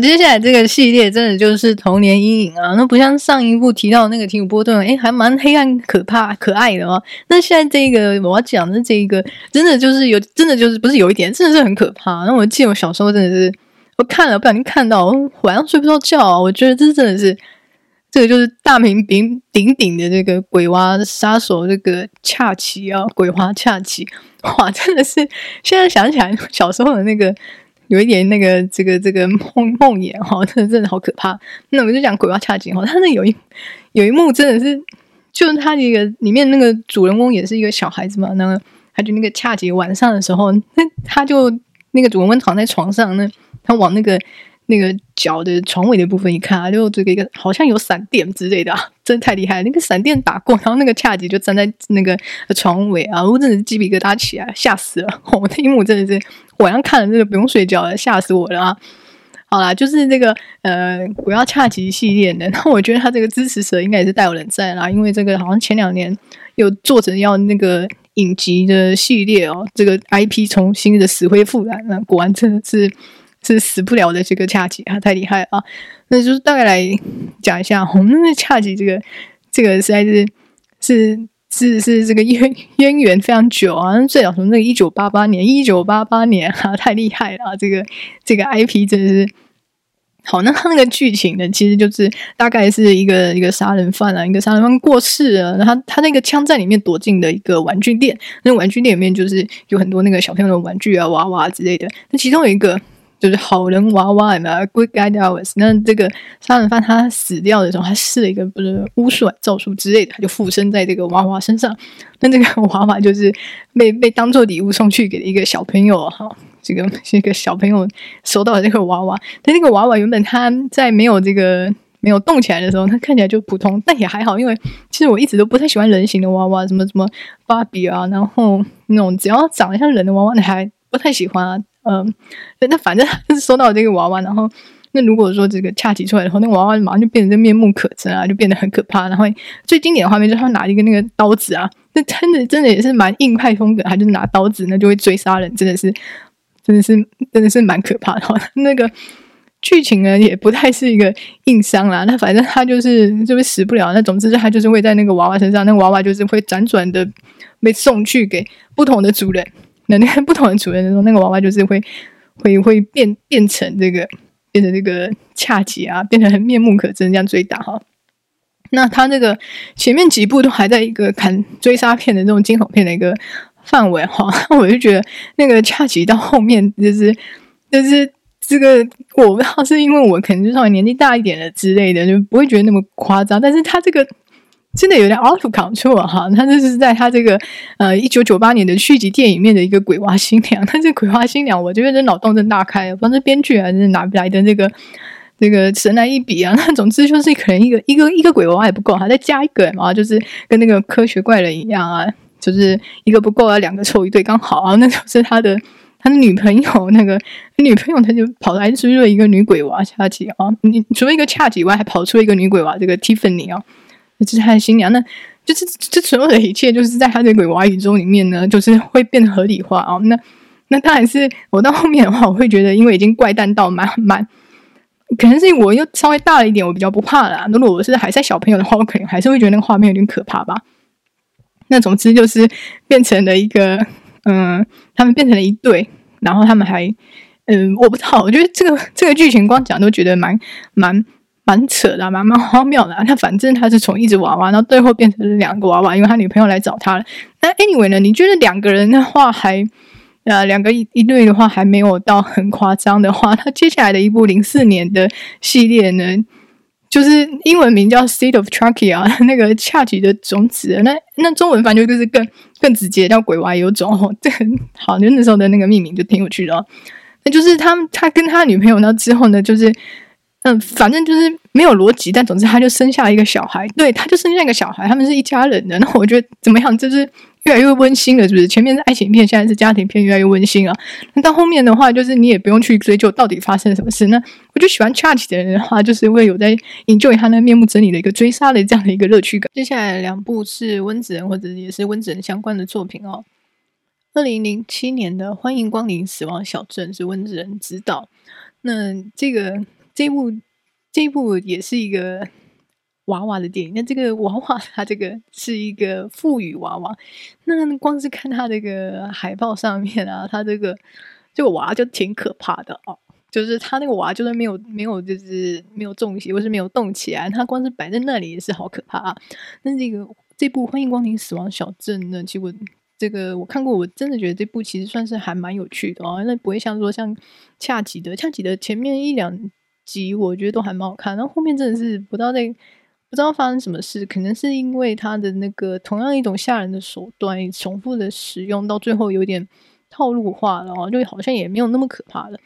接下來這個系列真的就是童年陰影啊！那不像上一部提到那個提姆波頓，哎、欸，還蠻黑暗、可怕、可愛的哦、啊。那現在這個我要講的這一個，真的就是有，真的就是不是有一點，真的是很可怕、啊。那我記得我小時候真的是，我看了不小心看到，我晚上睡不着覺啊！我覺得這真的是，這個就是大名鼎鼎鼎的這個鬼娃殺手這個恰奇啊，鬼娃恰奇，哇，真的是現在想起來小時候的那個。有一點那個這個這個夢夢魘哈，真的真的好可怕。那我就講鬼娃恰奇哈，他那有一有一幕真的是，就是他那個裡面那個主人公也是一個小孩子嘛，那個他就那個恰奇晚上的時候，那他就那個主人公躺在床上，那他往那個。那個腳的床尾的部分，一看啊，就這個一個好像有閃電之類的、啊，真的太厲害了！那個閃電打過，然後那個恰吉就站在那個床尾啊，我真的是雞皮疙瘩起來，嚇死了！哦、我的一幕真的是晚上看了，這個不用睡覺了，嚇死我了啊！好啦，就是這個呃，鬼娃恰吉系列的，那我覺得他這個支持者應該也是大有人在啦，因為這個好像前兩年有做成要那個影集的系列哦，這個 IP 重新的死灰復燃了，果然真的是。是死不了的這個恰奇啊，太厲害了啊！那就是大概來講一下，紅、哦、的、那個、恰奇這個這個實在是是是是這個淵淵源非常久啊。最早從那個一九八八年，一九八八年啊，太厲害了啊！這個這個 IP 真的是好。那他那個劇情呢，其實就是大概是一個一個殺人犯啊，一個殺人犯過世了，然後他他那個槍戰裡面躲進的一個玩具店，那個、玩具店裡面就是有很多那個小朋友的玩具啊、娃娃之類的。那其中有一個，就是好人娃娃嘛 you know，Good Guy Dolls。那這個殺人犯他死掉的時候，他施了一個不是巫術、咒術之類的，他就附身在這個娃娃身上。那這個娃娃就是被被當做禮物送去給了一個小朋友哈，這個是一個小朋友收到了這個娃娃。但這個娃娃原本他在沒有這個沒有動起來的時候，他看起來就普通，但也還好，因為其實我一直都不太喜歡人形的娃娃，什麼什麼芭比啊，然後那種只要長得像人的娃娃，你還不太喜歡啊。嗯，對，那反正就是收到這個娃娃，然後那如果說這個恰奇出來的話，那娃娃馬上就變成這面目可憎啊，就變得很可怕。然後最經典的畫面就是他拿一個那個刀子啊，那真的真的也是蠻硬派風格，他就是拿刀子那就會追殺人，真的是真的是真的是蠻可怕的。那個劇情呢也不太是一個硬傷啦，啊，那反正他就是就是死不了，那總之他就是會在那個娃娃身上，那娃娃就是會輾轉，轉的被送去給不同的主人。那你不同的主人的時候，那個娃娃就是會會會變變成這個，變成這個恰奇啊，變成很面目可憎這樣追打哈。那他那個前面幾部都還在一個砍追殺片的這種驚悚片的一個範圍哈，我就覺得那個恰奇到後面就是就是這個我不知道是因為我可能就稍微年紀大一點了之類的，就不會覺得那麼誇張，但是他這個。真的有點 out of control 哈，他、啊、這是在他這個呃一九九八年的續集電影面的一個鬼娃新娘，這個鬼娃新娘，我覺得這腦洞真大開了，反正編劇、啊、還是哪來的那、這個那、這個神來一筆啊？那、啊、總之就是可能一個一個一個鬼娃還不夠哈，再加一個啊，就是跟那個科學怪人一樣啊，就是一個不夠啊，兩個湊一對剛好啊，那就是他的他的女朋友那個女朋友，他就跑來追了一個女鬼娃恰奇啊，你除了一個恰奇以外，還跑出了一個女鬼娃這個 Tiffany 啊。這、就是他的新娘，那就是這所有的一切，就是在他的鬼娃宇宙裡面呢，就是會變得合理化哦。那那當然是我到後面的話，我會覺得因為已經怪誕到蠻蠻，可能是我又稍微大了一點，我比較不怕啦，如果我是還在小朋友的話，我可能還是會覺得那個畫面有點可怕吧。那總之就是變成了一個，嗯，他們變成了一對，然後他們還，嗯，我不知道，我覺得這個這個劇情光講都覺得蠻蠻。蠻扯的，啊，蠻蠻荒謬的，啊。那反正他是從一隻娃娃，到最後變成了兩個娃娃，因為他女朋友來找他了。那 anyway 呢？你覺得兩個人的話還呃、啊，兩個一,一對的話還沒有到很誇張的話，他接下來的一部零四年的系列呢，就是英文名叫 Seed of Chucky 啊，那個恰奇的種子。那那中文反正就是更更直接叫鬼娃有種。呵呵，好像那時候的那個命名就挺有趣的，啊。哦。那就是他他跟他女朋友，那之後呢，就是。嗯，反正就是沒有邏輯，但總之他就生下一個小孩，對，他就生下一個小孩，他們是一家人的。的那我覺得怎麼樣，就是越來越溫馨了，是不是？前面是愛情片，現在是家庭片，越來越溫馨啊。那到後面的話，就是你也不用去追究到底發生了什麼事呢。那我就喜歡恰奇的人的話，就是會有在 Enjoy 他那面目猙獰的一個追殺的這樣的一個樂趣感。接下來兩部是溫子仁或者也是溫子仁相關的作品哦。二零零七年的《歡迎光臨死亡小鎮》是溫子仁執導，那這個。這一部這一部也是一個娃娃的電影。那這個娃娃，它這個是一個腹語娃娃。那光是看它這個海報上面啊，它這個這個娃就挺可怕的啊。就是它那個娃就是沒有沒有就是沒有動起，或是沒有動起來，它光是擺在那裡也是好可怕啊。那這個這部《歡迎光臨死亡小鎮》呢，其實我這個我看過，我真的覺得這部其實算是還蠻有趣的啊。那不會像說像恰奇的恰奇的前面一兩。集我覺得都還蠻好看，然後後面真的是不知道，那不知道發生什麼事，可能是因為他的那個同樣一種嚇人的手段重複的使用，到最後有點套路化了哦，就好像也沒有那麼可怕了。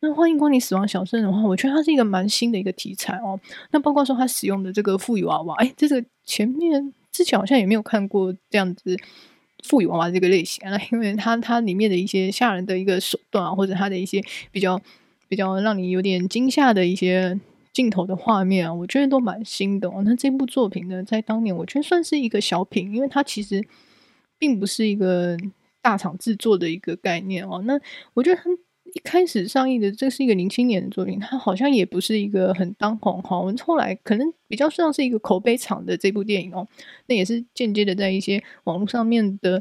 那歡迎光臨死亡小鎮的話，我覺得它是一個蠻新的一個題材哦。那包括說他使用的這個腹語娃娃，哎，這個前面之前好像也沒有看過這樣子腹語娃娃這個類型啊，因為它它裡面的一些嚇人的一個手段啊，或者他的一些比較。比較讓你有點驚嚇的一些鏡頭的畫面啊，我覺得都蠻新的哦。那這部作品呢，在當年我覺得算是一個小品，因為它其實並不是一個大廠制作的一個概念哦。那我覺得它一開始上映的，這是一個零七年的作品，它好像也不是一個很當紅哈。哦、我們後來可能比較像是一個口碑廠的這部電影哦，那也是間接的在一些網絡上面的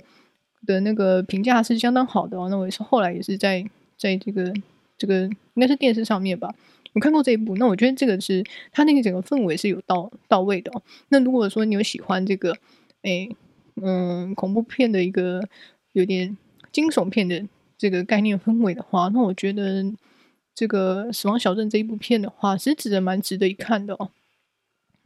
的那個評價是相當好的哦。那我也是後來也是在在這個。這個應該是電視上面吧，我看過這一部，那我覺得這個是它那個整個氛圍是有到到位的哦。那如果說你有喜歡這個，哎，嗯，恐怖片的一個有點驚悚片的這個概念氛圍的話，那我覺得這個《死亡小鎮》這一部片的話，其實值得蠻值得一看的哦。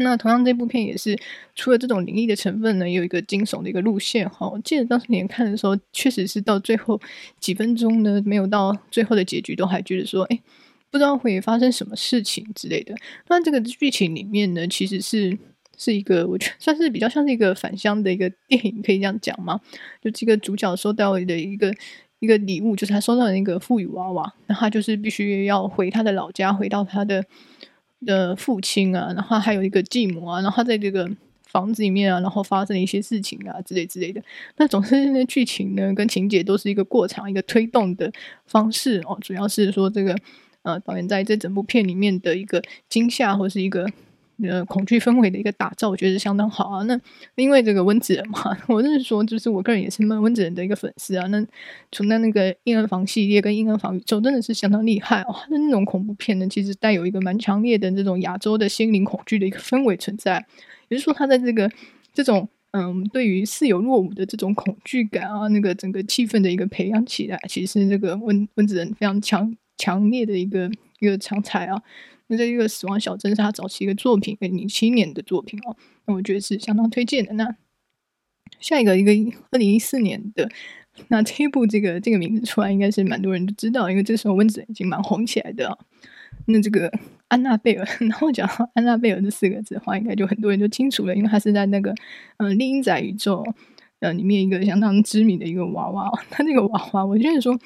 那同樣，這部片也是除了這種靈異的成分呢，也有一個驚悚的一個路線。哈，我記得當時你們看的時候，確實是到最後幾分鐘呢，沒有到最後的結局，都還覺得說，哎、欸，不知道會發生什麼事情之類的。那這個劇情裡面呢，其實是是一個，我覺得算是比較像是一個返鄉的一個電影，可以這樣講嗎？就這個主角收到的一個一個禮物，就是他收到的那個腹語娃娃，那他就是必須要回他的老家，回到他的。的父親啊，然後還有一個繼母啊，然後他在這個房子裡面啊，然後發生了一些事情啊之類之類的。那總之，那劇情呢跟情節都是一個過場、一個推動的方式哦。主要是說這個呃，導演在這整部片裡面的一個驚嚇或是一個。呃，恐懼氛圍的一個打造，我覺得是相當好啊。那因為這個溫子仁嘛，我認識說，就是我個人也是蠻溫子仁的一個粉絲啊。那從他那，那個《陰兒房》系列跟《陰兒房》宇宙，真的是相當厲害、啊、哦。那那種恐怖片呢，其實帶有一個蠻強烈的這種亞洲的心靈恐懼的一個氛圍存在。也就是說，他在這個這種嗯，對於似有若無的這種恐懼感啊，那個整個氣氛的一個培養起來，其實是這個溫溫子仁非常強、強烈的一個一個長才啊。那這個死亡小鎮是他早期一個作品，二零零七年的作品哦。那我覺得是相當推薦的。那下一個一個二零一四年的那這一部這個這個名字出來，應該是蠻多人都知道，因為這時候溫子仁已經蠻紅起來的、哦、那這個安娜貝爾，然後講安娜貝爾這四個字的話，應該就很多人都清楚了，因為他是在那個嗯厲陰宅宇宙呃裡面一個相當知名的一個娃娃、哦。他這個娃娃，我就是說，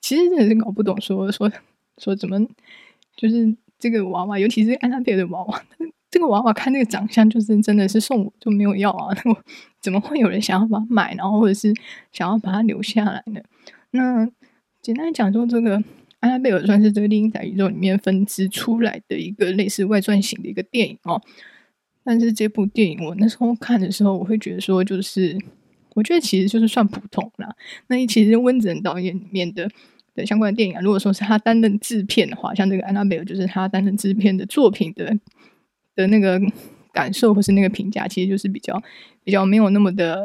其實真的是搞不懂說，說說說怎麼就是。這個娃娃，尤其是安娜貝爾的娃娃，這個娃娃看那個長相，就是真的是送我就沒有要啊。那我怎麼會有人想要把它買，然後或者是想要把它留下來呢？那簡單講說，這個安娜貝爾算是這個《厲陰宅》宇宙裡面分支出來的一個類似外傳型的一個電影哦。但是這部電影我那時候看的時候，我會覺得說，就是我覺得其實就是算普通啦。那其實溫子仁導演裡面的。等相關的電影，啊，如果說是他擔任制片的話，像這個安娜貝爾，就是他擔任制片的作品的的那個感受或是那個評價，其實就是比較比較沒有那麼的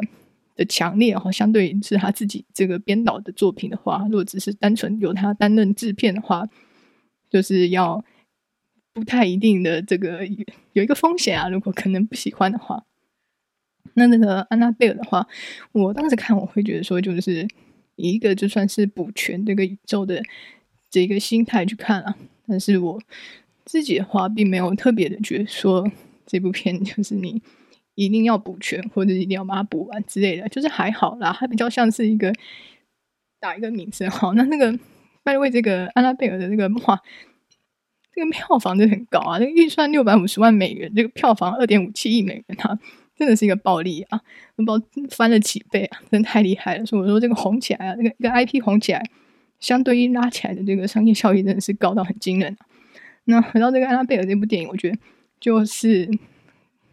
的強烈哈、哦。相對於是他自己這個編導的作品的話，如果只是單純由他擔任制片的話，就是要不太一定的這個有一個風險啊。如果可能不喜歡的話，那那個安娜貝爾的話，我當時看我會覺得說就是。一個就算是補全這個宇宙的這個心態去看了、啊，但是我自己的話並沒有特別的覺得說這部片就是你一定要補全或者一定要把它補完之類的，就是還好啦，它比較像是一個打一個名字哈。那那個扮演這個安娜貝爾的那、這個哇，這個票房就很高啊，這個、預算六百五十萬美元，這個票房二點五七億美元哈、啊。真的是一個暴利啊！暴翻了幾倍啊！真太厲害了。所以我說這個紅起來啊，這個一個 IP 紅起來，相對於拉起來的這個商業效益真的是高到很驚人啊。那回到這個《安娜貝爾》這部電影，我覺得就是，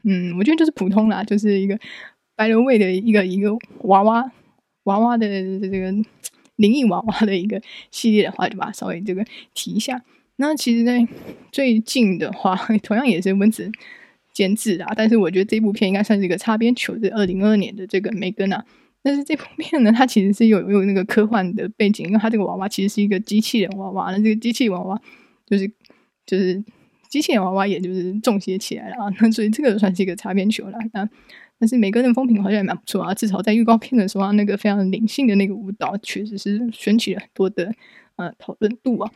嗯，我覺得就是普通啦，就是一個白人味的一個一個娃娃娃娃的這個靈異娃娃的一個系列的話，對吧？稍微這個提一下。那其實在最近的話，同樣也是溫子。監製啊，但是我覺得這部片應該算是一個擦邊球。這二零二二年的這個《梅根》啊，但是這部片呢，它其實是有有那個科幻的背景，因為它這個娃娃其實是一個機器人娃娃。那這個機器娃娃，就是就是機器人娃娃，也就是重寫起來了啊。那所以這個算是一個擦邊球了。那但是《梅根》的風評好像也蠻不錯啊，至少在預告片的時候啊，那個非常靈性的那個舞蹈，確實是掀起了很多的呃討論度啊。